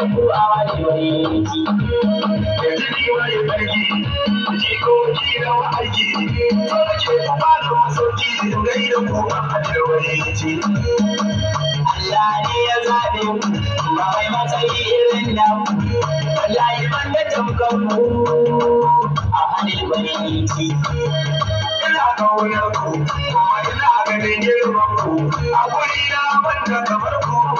da ku a yanzu ni na da ke ku fara da ku a wajen Allah ne ya zaɓe ku ba wai a wajen yanzu ina kaunar ku kuma ina ganin girman ku a guri na wanda kamar ku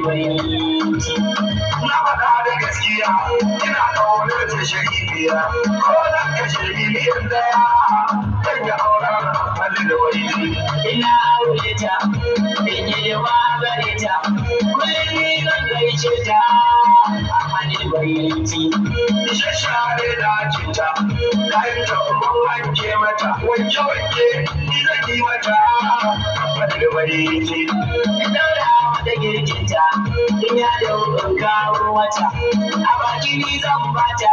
Na faɗa da gaskiya, ina ƙaunar ta sharifiya, ko daya, kan ya aura hali da Ina aure ta, in yi da magare ta, wani zan gaishe ta. shashare da cuta na yi ta wanke mata wanke wanke ni zan yi mata da girkinta in ya da uban wata a baki ni zan bata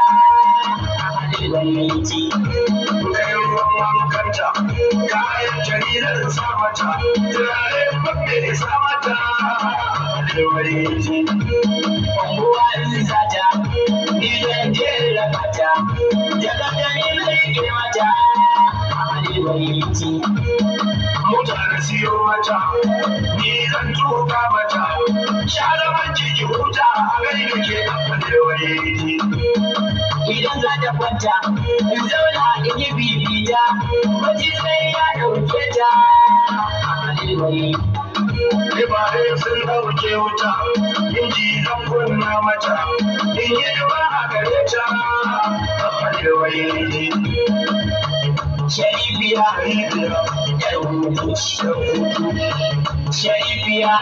wadda bari ce kayan kanta kayan jarirar sa mata turare babbe mata ce in zata zan je da fata da zai mutane siyo mata ni zan mata jiki huta a gani da ke amfani wani idan za ta kwanta zauna in yi bibita sai ya ɗauke ta amali bai sun ɗauke wuta miji zan wata mata in yi duba a gare ta a fadewa yi Shaifiya Ribiya, ‘yar hutu da Ribiya,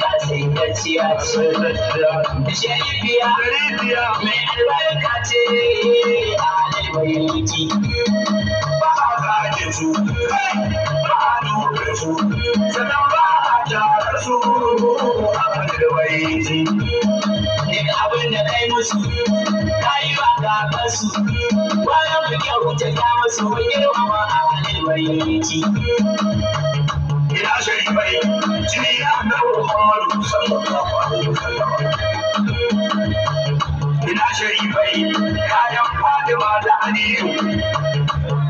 ta sai ta ce a tsirrata. Shaifiya Ribiya, mai albarka ce a albayyaki. Ba a zage su, ba a dube su, rikici abinda abin da musu ka yi ba gaban su ta mun a halibar yanki ina sharifai ina kayan fatima da aliyu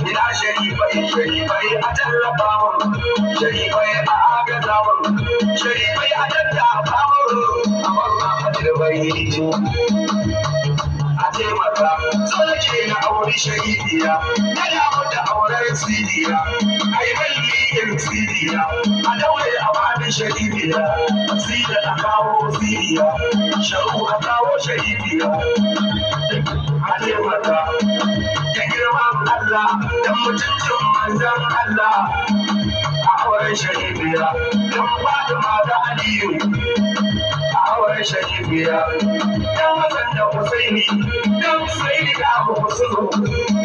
ina sharifai a tallafawa sharifai a agazawa sharifai a daddafawa baito a taimaka tsalke na auri shahidiya na damu da auren siriya a yi balli irin siriya a daure a bani shahidiya sida a kawo siriya sharu a kawo shahidiya a taimaka da girma Allah da mutuncin manzan Allah a auren shahidiya don ba da Aliyu shagibiya dan wasan da husaini dan husaini da abu kusuzo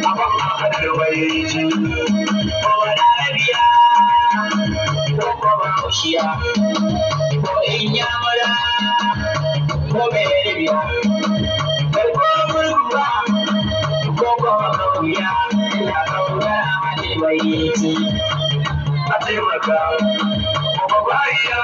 abin ahmad da bayyanci ko larabiya ko kuma ushiya ko inyamura ko belebiya kai ko gurguwa ko kuma kauya da kauya da bayyanci a taimaka ko bayiya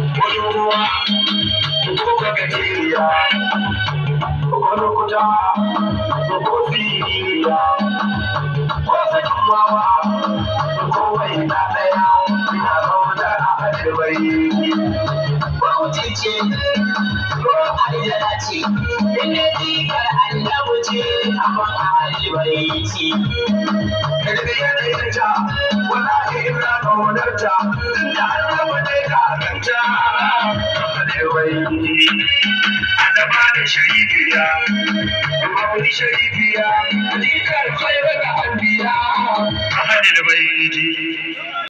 mazuruwa kuka gajiya wani kuta ko siriya ko ko wai daya ina zaune a arewa yi ce inda jikar annabu ce abin hali bai ci karbi yanayinta wala ta ina kaunarta tunda annabu ne kakanta ne bai ci annaba da sharifiya mawuni sharifiya jikar sai daga anbiya da bai ci